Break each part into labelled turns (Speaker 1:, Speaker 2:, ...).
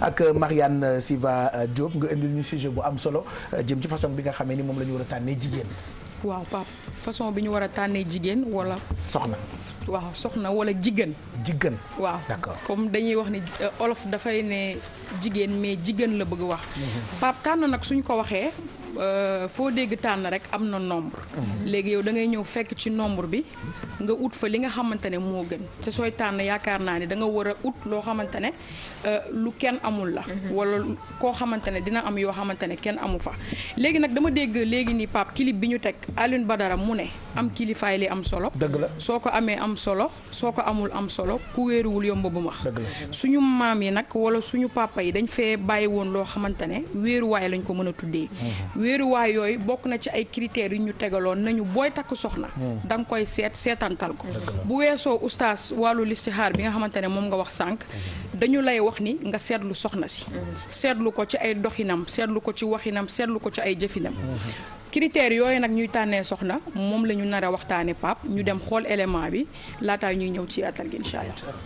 Speaker 1: ak Marianne Siva Diop nga indil ñu sujet bu am solo euh, jëm ci façon bi nga xamee ni moom la ñu war a tànnee jigéen.
Speaker 2: waaw Pape façon bi ñu war a tànnee jigéen wala. soxna. waaw soxna wala jigéen. jigéen waaw d'accord comme dañuy wax ni euh, olof dafay ne jigéen mais jigéen la bëgg wax. Mhm. Pape tànn nag suñ ko waxee. Euh, foo dégg tànn rek am na nombre. Mhm. léegi yow da ngay ñëw fekk ci nombre bi nga ut fa li nga xamante ne moo gën te sooy tànn yaakaar naa ne da nga war a ut loo xamante ne euh, lu kenn amul la. Mhm. wala koo xamante ne dina am yoo xamante ne kenn amu fa. léegi nag dama dégg léegi nii Pape clip bi ñu teg ba dara mu ne am kilifaay li am solo. dëgg la soo ko amee am solo soo ko amul am solo ku wéeruwul yomb bu max. dëgg la suñu maam yi nag wala suñu papa yi dañ fee bàyyi woon loo xamante ne wéeruwaay lañ ko mën a tuddee. Mhm. wéeruwaay yooyu bokk na ci ay critères yu ñu tegaloon nañu booy takk soxna hmm. da nga koy seet seetantal ko bu weesoo oustaz wàllu listixaar bi nga xamante ne moom nga wax sànq hmm. dañu lay wax ni nga seetlu soxna si hmm. seetlu ko ci ay doxinam seetlu ko ci waxinam seetlu ko ci ay jëfinam critères yooyu nag ñuy tànnee soxna moom la ñu nar a waxtaane pap ñu dem xool élément bi laataa ñuy ñëw ci atal gi incha allah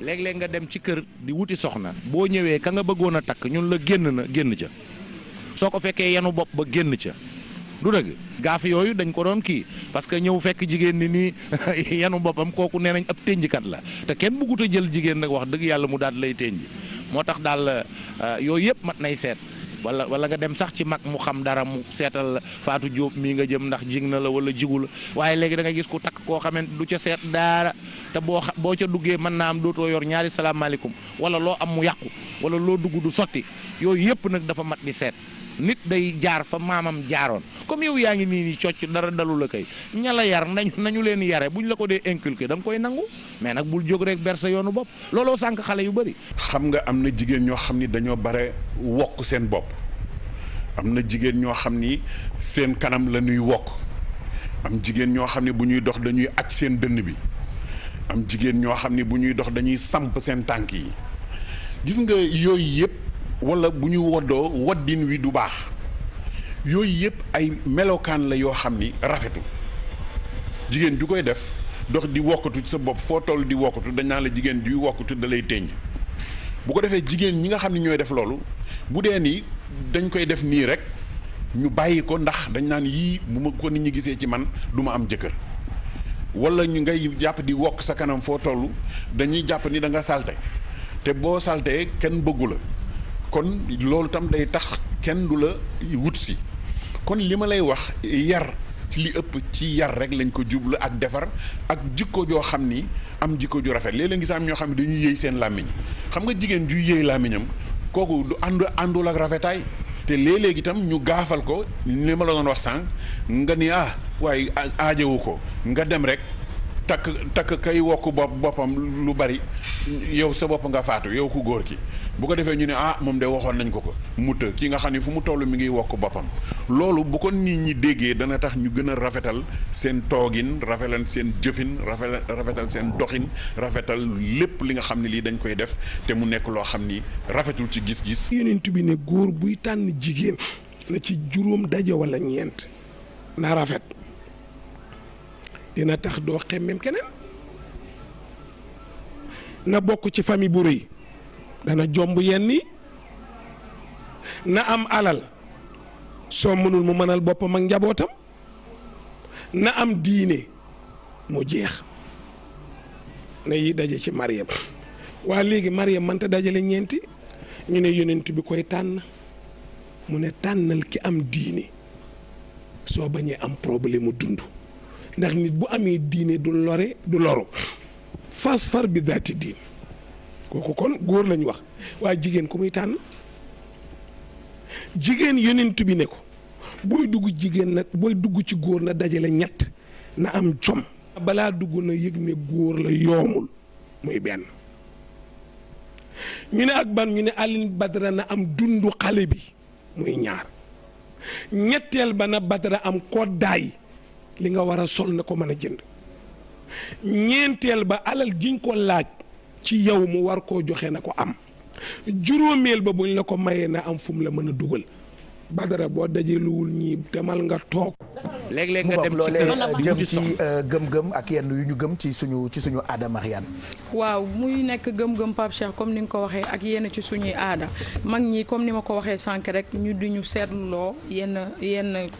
Speaker 1: léeg nga dem ci kër di wuti soxna boo ñëwee ka nga bëggoon a takk ñun la génn na génn ca soo ko fekkee yenu bopp ba génn ca du dëgg gaaf yooyu dañ ko doon kii parce que ñëw fekk jigéen ni nii yenu boppam kooku nee nañ ab ténjkat la te kenn bëggut jël jigéen nag wax dëgg yàlla mu daal lay ténj moo tax daal euh, yooyu yëpp mat nay seet wala wala nga dem sax ci mag mu xam dara mu seetal la Faatu Jóob mii nga jëm ndax jig na la wala la waaye léegi da nga gis ku takk koo xamante du ca seet daara te boo boo ca duggee mën naa am dootoo yor ñaari salaamaaleykum wala loo am mu yàqu wala loo dugg sotti yooyu yëpp nag dafa mat di seet nit day jaar fa maamam jaaroon comme yow yaa ngi nii nii cocc dara dalula la kay ña la yar nañu leen yare buñ la ko dee
Speaker 3: inculqué da koy nangu mais nag bul jóg rek ber sa yoonu bopp looloo sànq xale yu bëri. xam nga am na jigéen ñoo xam ni dañoo bare wokk seen bopp am na jigéen ñoo xam ni seen kanam la ñuy wokk am jigéen ñoo xam ni bu ñuy dox dañuy aj seen dënn bi am jigéen ñoo xam ni bu ñuy dox dañuy samp seen tànk yi gis nga yooyu yëpp. wala bu ñu woddoo waddin wi du baax yooyu yëpp ay melokaan la yoo xam ni rafetu jigéen ju koy def dox di wokkatu sa bopp foo toll di wokkatu dañ naan la jigéen juy wokkatu da lay téññ bu ko defee jigéen ñi nga xam ne ñooy def loolu bu dee ni dañ koy def nii rek ñu bàyyi ko ndax dañ naan yii bu ma ko nit ñi gisee ci man du ma am jëkkër wala ñu ngay jàpp di wokk sa kanam foo tollu dañuy jàpp ni danga salte te boo saltee kenn bëggu la kon loolu tam day tax kenn du la wut si kon li ma lay wax yar ci li ëpp ci yar rek lañ ko jublu ak defar ak jikko joo xam ni am jikko ju rafet léeg-léeg gis am ñoo xam ne dañuy yëy seen làmmiñ xam nga jigéen ju yëy làmmiñam kooku du ànd àndul ak rafetaay te léeg-léeg itam ñu gaafal ko li ma la doon wax sànq nga ni ah waaye aajowu ko nga dem rek takk takk kay wokk bopp boppam lu bari yow sa bopp nga faatu yow ku góor ki bu ko defee ñu ne ah moom de waxoon nañ ko ko mu të ki nga xam ne fu mu toll mi ngi wokk boppam loolu bu ko nit ñi déggee dana tax ñu gën a rafetal seen toogin rafetal seen jëfin rafetal rafetal seen doxin rafetal lépp li nga xam ne lii dañ koy def te mu nekk loo xam ni rafetul ci gis-gis.
Speaker 4: yonent bi ne góor buy tànn jigéen la ci juróom daje wala ñeent na rafet. dina tax doo xemmem keneen na bokk ci famille bu rëy dana jomb yenn yi na am alal soo mënul mu mënal boppam ak njabootam na am diine mu jeex na yi daje ci Mariam waa léegi Mariam mënta dajale ñeenti ñu ne yonent bi koy tànn mu ne tànnal ki am diine soo bañee am problème mu dund ndax nit bu amee diine du lore du loru fas far bi daati diin kooku kon góor lañ wax waaye jigéen ku muy tànn jigéen yonent bi ne ko booy dugg jigéen nag booy dugg ci góor na dajale ñett na am jom balaa dugg na yëg ne góor la yoomul muy benn ñu ne ak ban ñu ne Alioune Badara na am dundu xale bi muy ñaar ñetteel ba na Badara am koddaay li nga war a sol na ko mën a jënd ñeenteel ba alal jiñ ko laaj ci yow mu war koo joxe na ko am juróomeel ba buñ la ko mayee na am fu la mën a dugal Badara boo dajaluwul ñii demal nga toog. léeg-léeg
Speaker 1: nga dem loolee jëm ci
Speaker 4: euh, gëm-gëm ak yenn yu ñu gëm
Speaker 1: ci suñu ci suñu aada Marianne
Speaker 2: nekk gëm-gëm Pape Cheikh comme ni nga ko waxee ak yenn ci suñuy aada mag ñii comme ni ma ko waxee sànq rek ñu di ñu seetloo yenn yenn.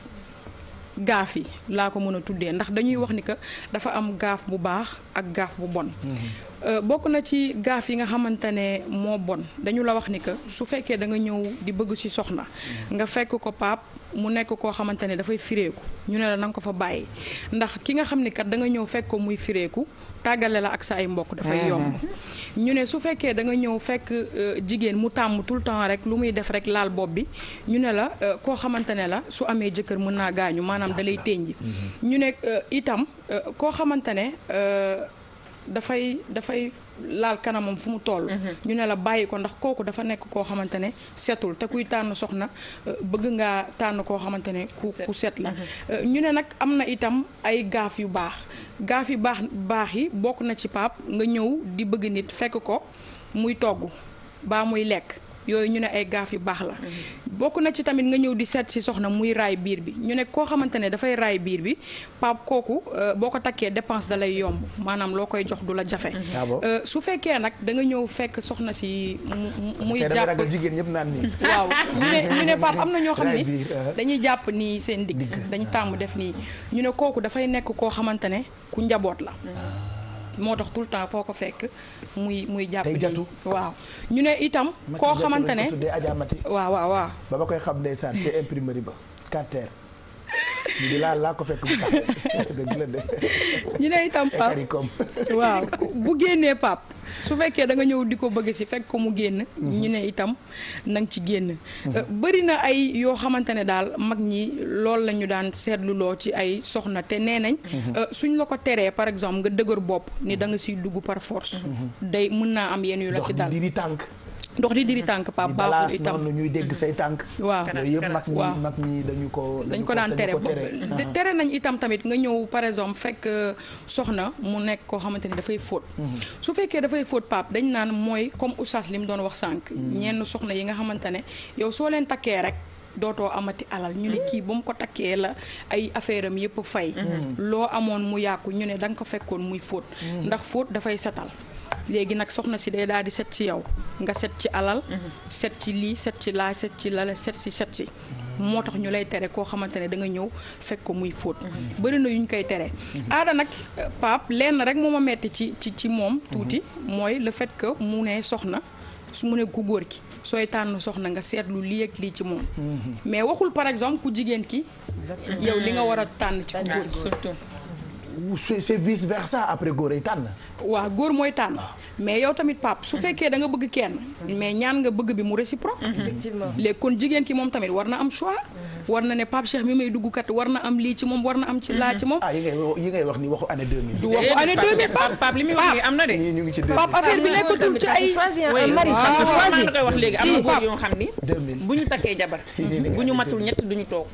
Speaker 2: gaaf yi laa ko mën a tuddee ndax dañuy wax ni que dafa am gaaf bu baax ak gaaf bu bon. Mm-hmm. Euh, bokk na ci gaaf yi nga xamante ne moo bon dañu la wax ni que su fekkee da nga ñëw di bëgg ci soxna nga fekk ko paap mu nekk koo xamante ne dafay fireeku ñu ne la na nga ko fa bàyyi ndax ki nga xam ni kat da nga ñëw fekk ko muy fireeku tàggale la ak sa ay mbokk dafay yomb ñu ne su fekkee da nga ñëw fekk euh, jigéen mu tàmm tout le temps rek lu muy def rek laal bopp bi ñu ne la euh, koo xamante ne la su amee jëkkër mën naa gaañu maanaam dalay téñji mm-hmm. ñu ne itam koo xamante ne dafay dafay laal kanamam fu mu toll. Mhm. ñu ne la bàyyi ko ndax kooku dafa nekk koo xamante ne setul te kuy tànn soxna euh, bëgg nga tànn koo xamante ne ku ku set la. Mhm. Euh, ñu ne nag am na itam ay gaaf yu baax gaaf yu baax baax yi bokk na ci paap nga ñëw di bëgg nit fekk ko muy togg baa muy lekk. yooyu ñu ne ay gaaf yu baax la mhm. bokk na ci tamit nga ñëw di seet si soxna muy raay biir bi ñu ne koo xamante ne dafay raay biir bi pap kooku euh, boo ko takkee dépense da lay yomb maanaam loo koy jox du la jafe mhm. ah euh, su fekkee nag da nga ñëw fekk soxna si muy jàpp jigéen
Speaker 1: ñëpp naan nii waaw
Speaker 2: ñu ne ñu am na ñoo xam ni euh. dañuy jàpp nii seen digg dañ tàmm ah. def nii ñu ne kooku dafay nekk koo xamante ne ku njaboot la ah. moo tax tout le temps foo ko fekk muy muy jàpp jatu waaw ñu ne itam koo xamante ne waaw waaw waaw
Speaker 1: ba ba koy xam ndeysaan ci imprimerie ba carter ñu laa ko fekk bu taxawee dëgg
Speaker 2: ne itam pap waaw bu génnee pap su fekkee da nga ñëw di ko bëgg si fekk ko mu génn. Mhm. ñu ne itam na nga ci génn. Mhm. Euh, bëri na ay yoo xamante ne daal mag ñi loolu la ñu daan seetluloo ci ay soxna te nee nañ. Mhm. Euh, suñ la ko teree par exemple nga dëgër bopp ni da nga siy dugg par force. day mën naa am yenn yu la si dal tànk. ndox di diri tànk pap baaxul itam noonu
Speaker 1: ñuy dégg say tànk waaw yooyu yëpp mag ñi mag ñi dañu ko dañ ko daan tere
Speaker 2: tere ah. nañ itam tamit nga ñëw par exemple fekk euh, soxna mu nekk koo xamante ni dafay fóot mm-hmm. su fekkee dafay fóot pap dañ naan mooy comme oustaz li mu doon wax sànq mm-hmm. ñenn soxna yi nga xamante ne yow soo leen takkee rek dootoo amati alal ñu ne kii ba mu ko takkee la ay affaire am yëpp fay mm-hmm. loo amoon mu yàqu ñu ne danga ko fekkoon muy fóot ndax fóot dafay setal léegi nag soxna si day daal di set ci yow nga set ci alal. set ci lii set ci laa set ci lala set si set si. moo tax ñu lay tere koo xamante ne da nga ñëw fekk ko muy fóot bëri na yu ñu koy tere aada nag paap lenn rek moo ma metti ci ci ci moom tuuti mooy le fait que mu ne soxna su mu ne ku góor ki sooy tànn soxna nga seetlu lii ak lii ci moom mhm. mais waxul par exemple ku jigéen ki yow li nga war a tànn ci ku góor ki
Speaker 1: c'est vice versa après góor ay tànn.
Speaker 2: waaw góor mooy tànn. mais yow tamit pap su fekkee da nga bëgg kenn. mais ñaan nga bëgg bi mu réciproque. effectivement léegi kon jigéen ki moom tamit war na am choix. war na ne Pape Cheikh mi may dugg kat war na am lii ci moom war na am ci laa ci moom. ah yi ngay wax ni waxu année 2000. du waxu année li muy wax nii am
Speaker 5: na de. ñu ngi ci 2000 Pape affaire bi nekkatul ci ay. oui waaw waaw waaw si Pape. 2000 bu ñu takkee jabar. bu ñu matul ñett toog.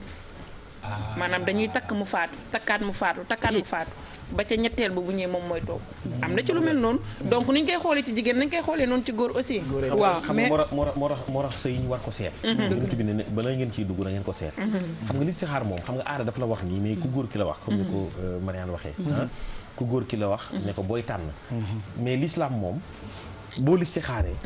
Speaker 5: maanaam dañuy takk mu faatu takkaat mu faatu takkaat mu faatu ba ca ñetteel ba bu ñëwee moom mooy toog am na ci lu mel noonu donc ni ñu koy xoolee ci jigéen nañ koy xoolee noonu ci góor aussi waaw
Speaker 6: xam war ko seet mhm. yonent bi ne bala ngeen ciy dugg ko seet mhm. xam nga moom xam nga aada dafa la wax nii mais ku góor ki la wax comme ni ko mhm. euh, ah, ki la wax ne ko booy tànn mais l'islam moom boo li si xaaree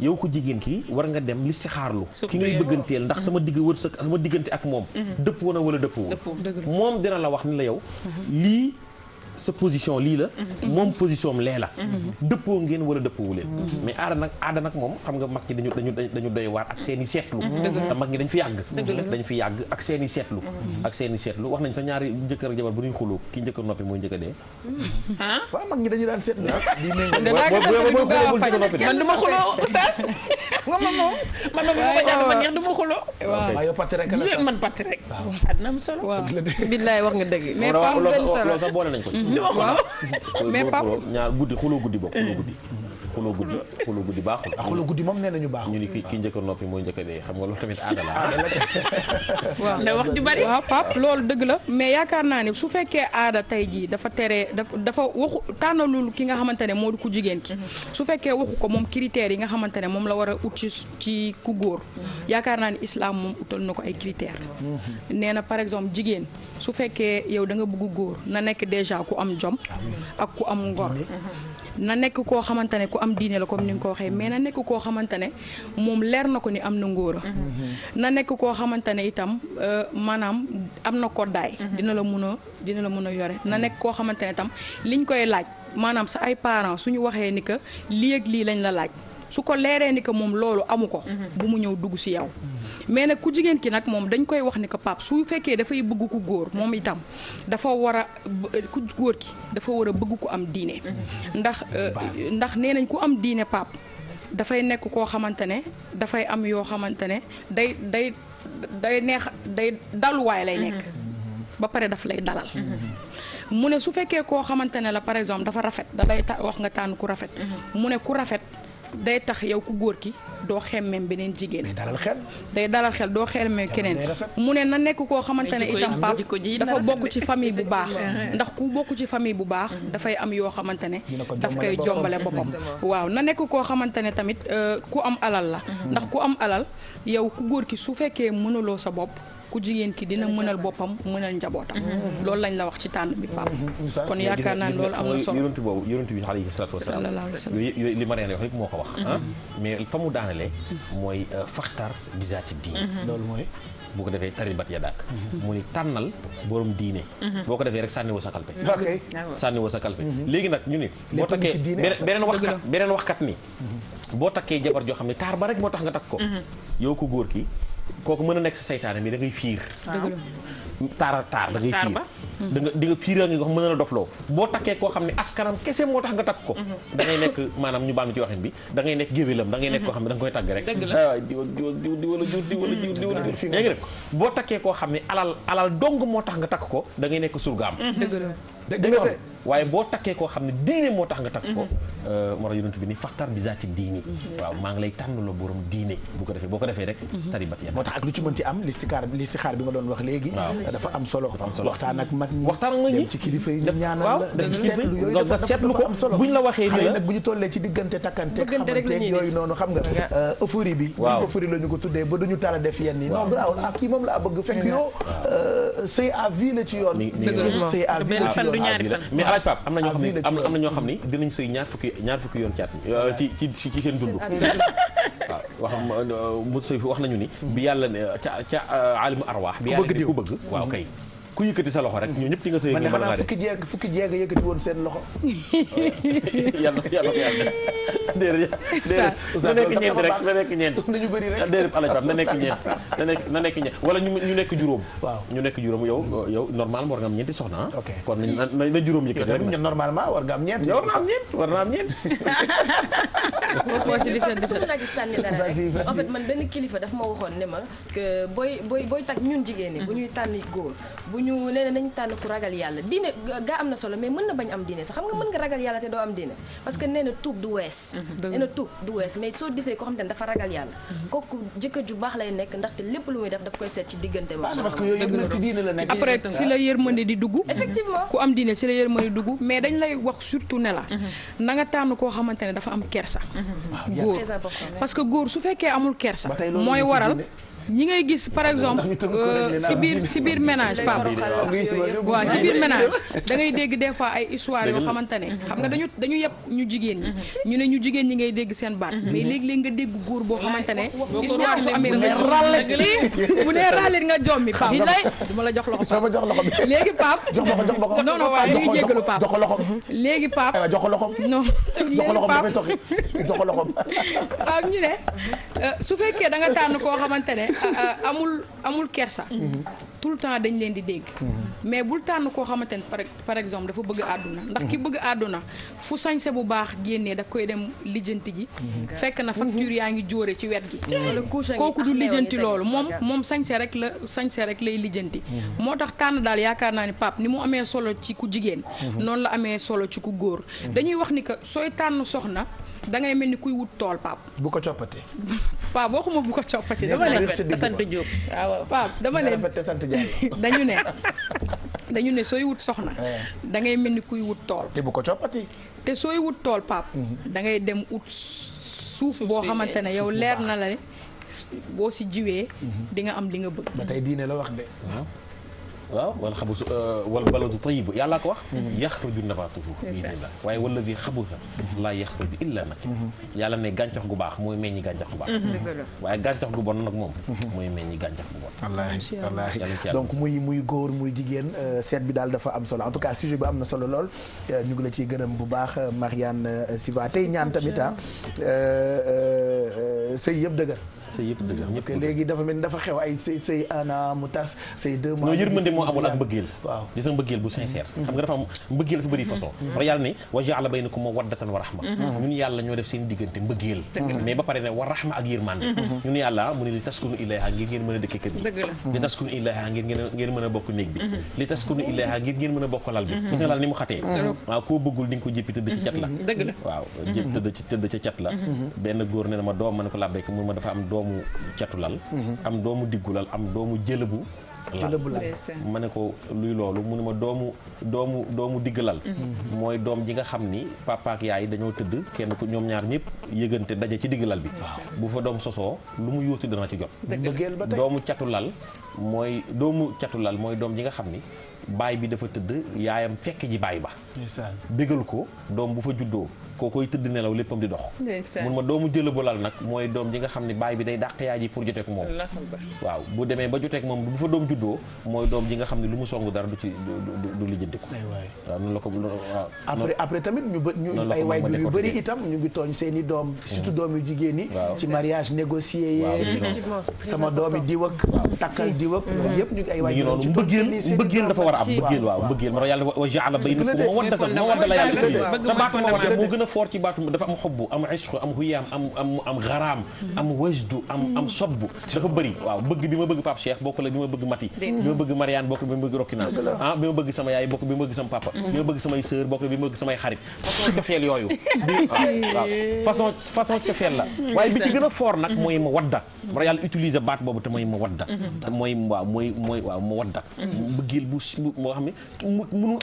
Speaker 6: yow ko jigéen ki war nga dem li si xaarlu ki ngay bëgganteel ndax sama digg wërsëg sama diggante ak moom mm-hmm. dëppoo na wala dëppoo moom dina la wax ni la yow mm-hmm. lii sa position lii la. moom position am lee la. dëppoo ngeen wala dëppoo leen. mais aada nag aada nag moom xam nga mag ñi dañu dañu dañu doy waar ak seen i seetlu. te mag ñi dañ fi yàgg. dañ fi yàgg ak seen i seetlu. ak seen i seetlu wax nañ sa ñaari jëkkër ak jabar bu ñuy xuloo ki njëkk a noppi mooy njëkk a dee.
Speaker 5: ah
Speaker 1: waaw mag ñi dañu daan seetlu. di méngale man du ma xuloo oustaz.
Speaker 5: nga ma moom man moom ma ko jàpp ma ma xuloo. waaw yow pàtti rek la man pàtti rek. waaw àddina am solo. waaw billaay wax nga dëgg. mais Pape loolu sax boole nañ ko li ma xoolal
Speaker 6: ñaar guddi xuloo guddi bokk xuloo guddi. xuloo guddi xuloo guddi baaxul ah xuloo
Speaker 1: guddi moom nee nañu
Speaker 6: baaxul ñu ni ki ki noppi mooy njëkk dee xam nga loolu tamit aada la
Speaker 5: waaw da wax ju bari
Speaker 2: waaw pap loolu dëgg la mais yaakaar naa ne su fekkee aada tey jii dafa tere dafa waxu tànnalul ki nga xamante ne moo di jigéen ki mm-hmm. su fekkee waxu ko moom critères yi nga xamante ne moom la war a ut ci ku góor mm-hmm. yaakaar naa ne islaam moom utal na ko ay critères
Speaker 5: mm-hmm.
Speaker 2: nee na par exemple jigéen su fekkee yow da nga bëgg góor na nekk déjà ku am jom ak ku am ngor na nekk koo xamante am la comme ni nga ko waxee mais na nekk koo xamante ne moom leer na ko ni am na ngóora mm-hmm. na nekk koo xamante ne itam euh, maanaam am na koddaay mm-hmm. dina la mun a dina la mun a yore na nekk koo xamante ne itam liñ koy laaj maanaam sa ay parents ñu waxee ni que lii ak lii lañ la laaj su ko leeree ni que moom loolu amu ko. bu mu ñëw dugg si yow. mais nag ku jigéen ki nag moom dañ koy wax ni ko pap su fekkee dafay bëgg ku góor moom itam dafa war a ku góor ki dafa war a bëgg ku am diine. ndax euh, ndax nee nañ ku am diine pap dafay nekk koo xamante ne dafay am yoo xamante ne day day day neex day daluwaay lay nekk. ba pare daf lay dalal. mu ne su fekkee koo xamante ne la par exemple dafa rafet da lay wax nga tànn ku rafet. mu ne ku rafet. day tax yow ku góor ki doo xemmeem beneen jigéen. day daral xel. day dalal xel doo xemmeem keneen. mu ne na nekk koo xamante ne itam pap dafa bokk ci famille bu baax. ndax ku bokk ci famille bu baax dafay am yoo xamante ne. daf koy jombale boppam. waaw na nekk koo xamante ne tamit euh, ku am alal la. ndax ku am alal yow ku góor ki su fekkee mënuloo sa bopp. ku jigéen ki dina mënal boppam mënal njabootam. Mhm. Mhm. loolu lañ la wax ci tànn bi Pape. Mhm. kon yaakaar naa loolu am na solo
Speaker 6: yonent boobu yonent bi alayhi salaatu wa salaam. yooyu li ma leen wax lépp moo ko wax. Ah. mais fa mu daanale mooy euh, faxtar bizaati diin. loolu mooy. boo ko defee tari bat ya dàkk mu ni tànnal borom diine boo ko defee rek sànni woo sa kalpe ah sànni woo sa kalpe léegi nag ñu ni boo takkee beneen waxkat beneen waxkat ni boo takkee jabar joo xam ne taar ba rek moo tax nga takk ko yow ko góor ki kooku mën a nekk sa seytaane mi da ngay fiir taar taar da ngay fiir hmm. da nga di nga fiira nga wax mën a la dofloo boo takkee koo xam ne askanam kese moo tax nga takk ko hmm. da ngay nekk maanaam ñu baam ci waxin bi da ngay nekk géwélam da ngay nekk koo xam ne da nga koy tagg rek waaw ah, diw ak diw ak diw di wala jur di wala jur di wala jur yaa ngi rek boo takkee koo xam ne alal alal dong moo tax nga takk ko da ngay nekk surgaam hmm. waaye boo takkee koo xam ne diine moo tax nga takk ko mhm. euh, moo tax yonent bi ni faxtar bi zaati diini mhm. waaw maa ngi lay tànn la borom diine bu ko defee boo ko defee rek mhm. taribat ya
Speaker 1: ak lu ci mënti la seetlu yooyu dafa seetlu ko buñ la waxee xale nag euh, bi waaw euphorie la ko tuddee ba duñu tara def yenn yi non garaawul ak ah, kii moom laa bëgg fekk yoo euh, sëy à vie la ci yoon sëy à vie la ci yoon laaj am na ñoo ah, xam ni am na
Speaker 6: ñoo xam ni dinañ sëy ñaar fukki ñaar fukki yoon ci at euh, ci ci ci seen dund
Speaker 4: waaw
Speaker 6: ah, wax euh, wax nañu ni bi yàlla ne ca ca euh, aalimu arwaax bi yàlla ne ku bëgg waaw kay ku yëkkati sa loxo rek ñoo ñëpp ci nga sëy man xanaa fukki
Speaker 1: jeeg fukki jeeg yëkkati woon seen loxo yàlla yàlla ko
Speaker 6: yàlla déedéet na nekk ñeent rek na nekk ñeent nañu
Speaker 4: bëri rek déedéet alaaj pap na nekk ñeent
Speaker 6: na nekk na nekk ñeent wala ñu nekk juróom waaw ñu nekk juróom yow yow normalement war nga am ñeenti soxna kon na juróom yëkkati rek normalement war nga am ñeent war na am ñeent war na am ñeent naa
Speaker 2: ci sànni dara rek en fait man benn kilifa daf ma waxoon ne ma que booy booy booy tak ñun jigéen ñi bu ñuy tànn góor ñu nee na nañu tànn ku ragal yàlla diine gaa am na solo mais mën na bañ am diine sax xam nga mën nga ragal yàlla te doo am diine parce que nee na du wees mm-hmm. nee na du wees mais soo gisee koo xam dafa ragal yàlla mm-hmm. kooku jëkkër ju baax lay nekk ndaxte lépp lu muy def daf koy seet ci diggante ma ah, parce que yooyu yëpp nag di dugg ku am diine si la yërmande di mais dañ lay wax surtout ne la mm-hmm. tànn koo xamante dafa am kersa góor parce ñi ngay gis par exemple si euh, biir si biir ménage pap waaw ci biir ménage da ngay dégg des fois ay histoire yoo xamante ne xam nga dañu dañu yëpp ñu jigéen ñi ñu ne ñu jigéen ñi ngay dégg seen baat mais léegi-léegi nga dégg góor boo xamante ne histoire su amee nga ràllet si bu nee ràllet nga jommi pap la jox loxo pap jox loxo bi léegi pap jox ko jox ko non non pap léegi jéggalu pap jox ko loxo léegi pap
Speaker 1: jox ko loxo non jox ko loxo dafay toxi ko
Speaker 2: ñu ne euh, su fekkee da nga koo xamante ne Euh, euh, amul amul kersa. Mhm. tout le temps dañ leen di dégg. Mhm. mais bul tànn koo xamante ne par par exemple dafa bëgg àdduna. ndax ki mhm. bëgg àdduna fu sañse bu baax génnee da koy dem lijjanti ji. fekk na facture yaa ngi jóore ci wet gi. kooku du lijjanti loolu moom moom sañse rek la sañse rek lay lijjanti. moo tax tànn daal yaakaar naa ni pap ni mu amee solo ci ku jigéen. noonu la amee solo ci ku góor. dañuy wax ni que sooy tànn soxna. da ngay mel ni kuy wut tool pap
Speaker 5: bu ko coppati.
Speaker 2: boo waxuma bu ko coppati. dama ne te sant Diop waaw pap dama ne te sant dañu ne ne sooy wut soxna. Eh. da ngay mel ni kuy wut tool. te sooy wut tool mhm. da ngay dem ut suuf boo xamante ne eh, yow leer na la boo si jiwee. Mhm. di nga am li nga bëgg. ba tey la wax
Speaker 6: waaw wala xabusu euh, wal baladu tayibu yàllaa ko wax yaxruju nabatuhu biidnillah waaye walladi xabusa laa yaxruju illa mhm. yàlla ne gàncax gu baax mooy meññi gàncax gu baax mhm. waaye gàncax gu bon nag moom mhm. mooy meññi gàncax gu bon wallaahi wallaahi donc
Speaker 1: muy muy góor muy jigéen euh, seet bi daal dafa am solo en tout cas sujet bi am na solo lool euh, ñu ngi la ciy gërëm bu baax Marianne Siva tey ñaan tamit ah sëy yëpp dëgër sëy yëpp dëgg parce que léegi dafa mel dafa xew ay sëy sëy ana mu tas sëy deux mois. moo
Speaker 6: amul ak mbëggeel. waaw gis mbëggeel bu sincère. Mm-hmm. xam nga dafa am mbëggeel dafa bëri mm-hmm. façon. wala mm-hmm. yàlla ne wa jaala baynakum mawaddatan wa rahma. wa rahma ak yërmande. yàlla mu ne li taskunu ilayha ngir ngeen mën a dëkkee kër gi. li taskunu ilayha ngir ngeen mën a bokk néeg bi. li taskunu ilayha ngir ngeen mën a bokk lal bi. gis nga lal ni mu xatee. waaw koo bëggul di nga ko jéppi tëdd ci cat la. ko làbbeek doomu catu lal am doomu diggu lal am doomu jëlëbu ma ne ko luy loolu mu ne ma doomu doomu doomu digg lal mooy doom ji nga xam ni papa ak yaay dañoo tëdd kenn ku ñoom ñaar ñëpp yëgante daje ci digg lal bi bu fa doom sosoo lu mu yuuti dana ci jot doomu catu lal mooy doomu catu lal mooy doom ji nga xam ni baay bi dafa tëdd yaayam fekk ji baay ba bégal ko doom bu fa juddoo kookoy tëdd nelaw léppam di dox mun ma doomu jëlëbu lal nag mooy doom ji nga xam ne baay bi day dàq yaay ji pour joteek moom waaw bu demee ba joteek moom bu fa doom juddoo mooy doom ji nga xam ne lu mu song dara du ci du lijjanti ko ko waaw après après tamit
Speaker 1: ñu ñu ay waay bi yu bëri itam ñu ngi tooñ seen doom mm-hmm. doom yu jigéen yi ci mariage négocié yee sama doom yi diw ak takkal diw ak loolu yëpp ñu ngi ay waay noonu mbëggeel mbëggeel dafa war a am mbëggeel waaw mbëggeel
Speaker 6: ma yàlla wa jaala baynako ma waddatan ma wadda la yàlla moo gën a fort ci baatu dafa am xobbu am ishq am huyaam am am am xaraam mhm. am wajdu am am mhm. sobb dafa bëri waaw bëgg bi ma bëgg Pape Cheikh bokk la bi ma bëgg Mati bi ma bëgg Marianne bokk bi ma bëgg Rokina ah bi ma bëgg sama yaay bokk bi ma bëgg sama papa mhm. bi ma bëgg samay sœur bokk bi ma bëgg samay xarit façon cofeel la waaye bi ci gën a fort nag mooy ma wadda ma yàlla utiliser baat boobu te mooy ma wadda mooy waaw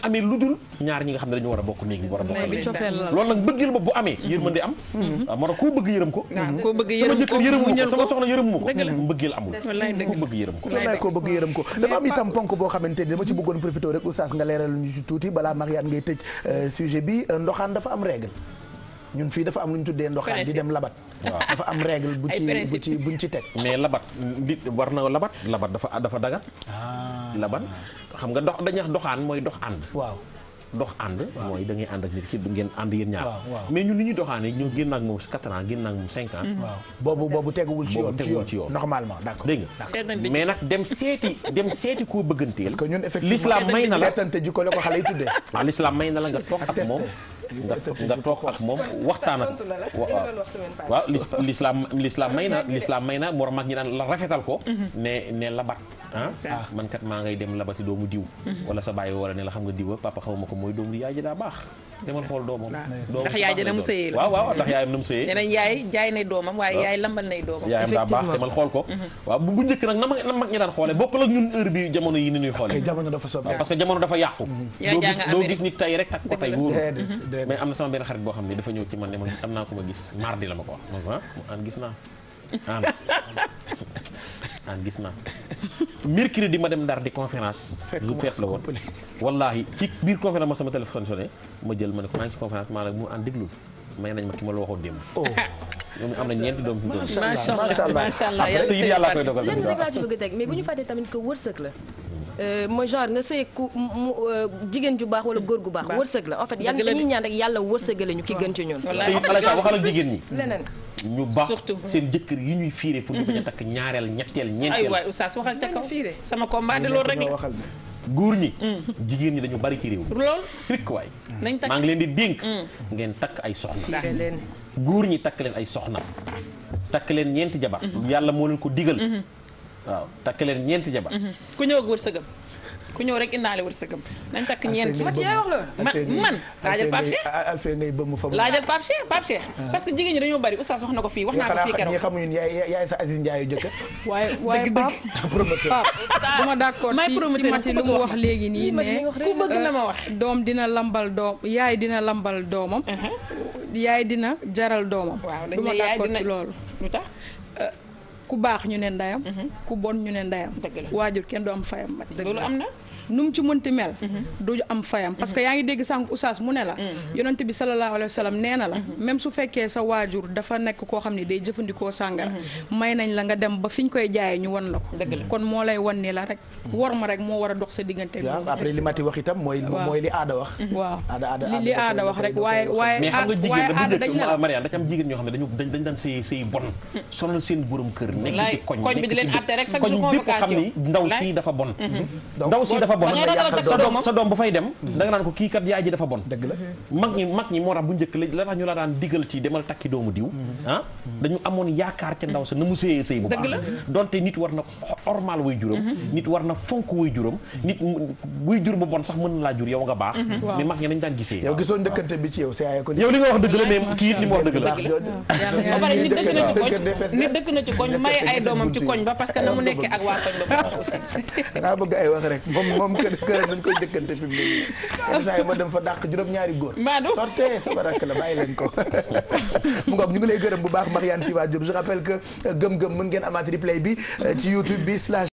Speaker 6: amee lu ñaar ñi nga xam ne dañu war a bokk néeg bi war a bokk loolu nag mbëggeel ba bu amee mhm. yërmande am waaw mhm. ah, moo tax koo bëgg yërëm ko mhm. koo bëgg yërëm ko sama jëkkër yërëm ko sama soxna yërëm ko mbëggeel amul koo
Speaker 1: bëgg yërëm ko dafa am itam ponk boo xamante ni dama ci bëggoon profité rek oustaz nga leeral ñu tuuti balaa Marianne ngay tëj euh, sujet bi euh, ndoxaan dafa am règle ñun fii dafa am lu ñu tuddee ndoxaan di dem labat waaw dafa am règle bu ci bu ci buñ ci teg
Speaker 6: mais labat nit war na labat labat dafa dafa dagat ah. laban xam nga dox dañax doxaan mooy dox ànd waaw dox ànd mooy da ngay ànd ak nit ki du ngeen ànd yéen ñaar mais ñun li ñuy doxaane ñoo génn ak moom cinq ans mm-hmm. boobu teguwul ci yoon normalement d'accord mais nag dem seeti dem seeti koo bëgganteel
Speaker 1: parce que na la
Speaker 6: seetante jikko may na la nga toog ak moom nga toog ak moom waxtaan waaw l'islam l'islam may na l'islam may na mor mag ñi naan la rafetal ko ne mm-hmm. ne la Ah, ah man kat maa ngay dem labati doomu diw mhm. wala sa bàyyi wala ne la xam nga diw ak papa ko mooy doomu yaay ji daa baax demal xool doomam
Speaker 5: ndax yaay ji na doomam waaye yaay lambal nay doomam yaayam daa baax demal
Speaker 6: xool ko mhm. waaw bu njëkk nag na mag ñi daan xoole bokkul ak ñun heure bi jamono yi ni ñuy xoole parce que jamono dafa yàqu mhm. doo gis nit
Speaker 1: tey rek tak ko tey wóoru mais
Speaker 6: am na sama benn xarit boo xam ne dafa ñëw ci man ne ma am naa ko ma mercredi ma dem Ndar di conférence. lu feet la woon wallaahi ci biir conférence ma sama téléphone sonné ma jël ma ne ko maa ngi ci conférence maa la mu ànd déglu may nañ ma ki ma la waxoon démb. Oh. ñoom am na ñeenti doom fi mu macha
Speaker 2: allah macha allah yàlla koy dogal lenn rek laa ci bëgg a teg mais bu ñu fàttee tamit que wërsëg la. Euh, mooy genre nga sëy ku euh, jigéen ju baax wala góor gu baax. wërsëg la en fait yàlla dañuy ñaan rek yàlla wërsëgale ñu ki gën ci ñun. wallaahi waxal ak
Speaker 6: jigéen ñi ñu ba seen jëkkër yi ñuy fiire pour ñu bañ a takk ñaareel ñetteel ñeenteel ay waay
Speaker 5: oustaz waxal ca kaw sama combat de loolu rek la
Speaker 6: góor ñi mm. jigéen ñi dañu bari ci réew lool rikk waay maa ngi leen di dénk mm. ngeen takk ay soxna góor ñi takk leen ay soxna takk leen ñeenti jabar mm-hmm. yàlla moo leen ko digal mm-hmm. waaw takk leen ñeenti jabar
Speaker 5: mm-hmm. ku ñëw ak wërsëgam ku ñëw rek indaale wërsëgam nañ takk ñeent ma ci yaay wax loolu man laajal Pape Cheikh ah. parce que jigéen ñi dañoo bari oustaz wax na ko fii wax naa ko fii keroog ñi
Speaker 1: xamuñu yaay sa Aziz Ndiaye jëkk
Speaker 2: waaye waaye Pape Pape dama d'accord ci mati lu mu wax léegi nii ne ku bëgg la ma wax euh, doom dina lambal doom yaay dina lambal doomam uh-huh. yaay dina jaral doomam duma d'accord ci loolu ku baax ñu ne ndeyam. Mhm. ku bon ñu ne ndeyam. waajur kenn du am fayam. loolu am na. nu mu ci mënti mel du am fayam parce yaa ngi dégg sànq oustaz mu ne la mm-hmm. yonent bi sallallahu alayhi wa nee na la mm-hmm. même su fekkee sa waajur dafa nekk koo xam ne day jëfandikoo sàngara mm-hmm. may nañ la nga dem ba fi ñu koy jaayee ñu wan la ko kon moo lay wan ni la rek war ma rek moo war a dox sa diggante après li
Speaker 1: mati wax itam mooy mooy li aada wax
Speaker 2: waaw aada aada li aada wax waaye waaye mais xam nga jigéen bu njëkk
Speaker 6: Marianne da ci am jigéen ñoo xam ne dañu dañ daan sëy sëy bon sonal seen borom kër nekk ci koñ koñ bi di leen atte rek sax koñ bépp xam ni ndaw si dafa bon ndaw dafa bon sa doom ba fay hmm. da nga naan ko kii kat yaay ji dafa bon dëgg la mag ñi mag ñi moo tax bu njëkk la la tax ñu la daan digal ci demal takki doomu diw hmm. Ah? Hmm. dañu amoon yaakaar ca ndaw sa na mu séyee séy bu baax donte nit war na ormal way juróom nit war na fonk way juróom nit
Speaker 5: dëkk na ci koñ nit ay doomam ci koñ ba parce na mu nekkee ak waa koñ ba aussi
Speaker 1: da nga bëgg ay wax rek moom kër këram dañ koy dëkkante fi mu ne nii saa yi ma dem fa dàq juróom-ñaari góor sortee sama rakk la bàyyi ko mu ngoog ñu ngi lay gërëm bu baax Marianne Siva Diop je rappelle que gëm-gëm euh, mën ngeen amaat replay bi euh, ci youtube bi slash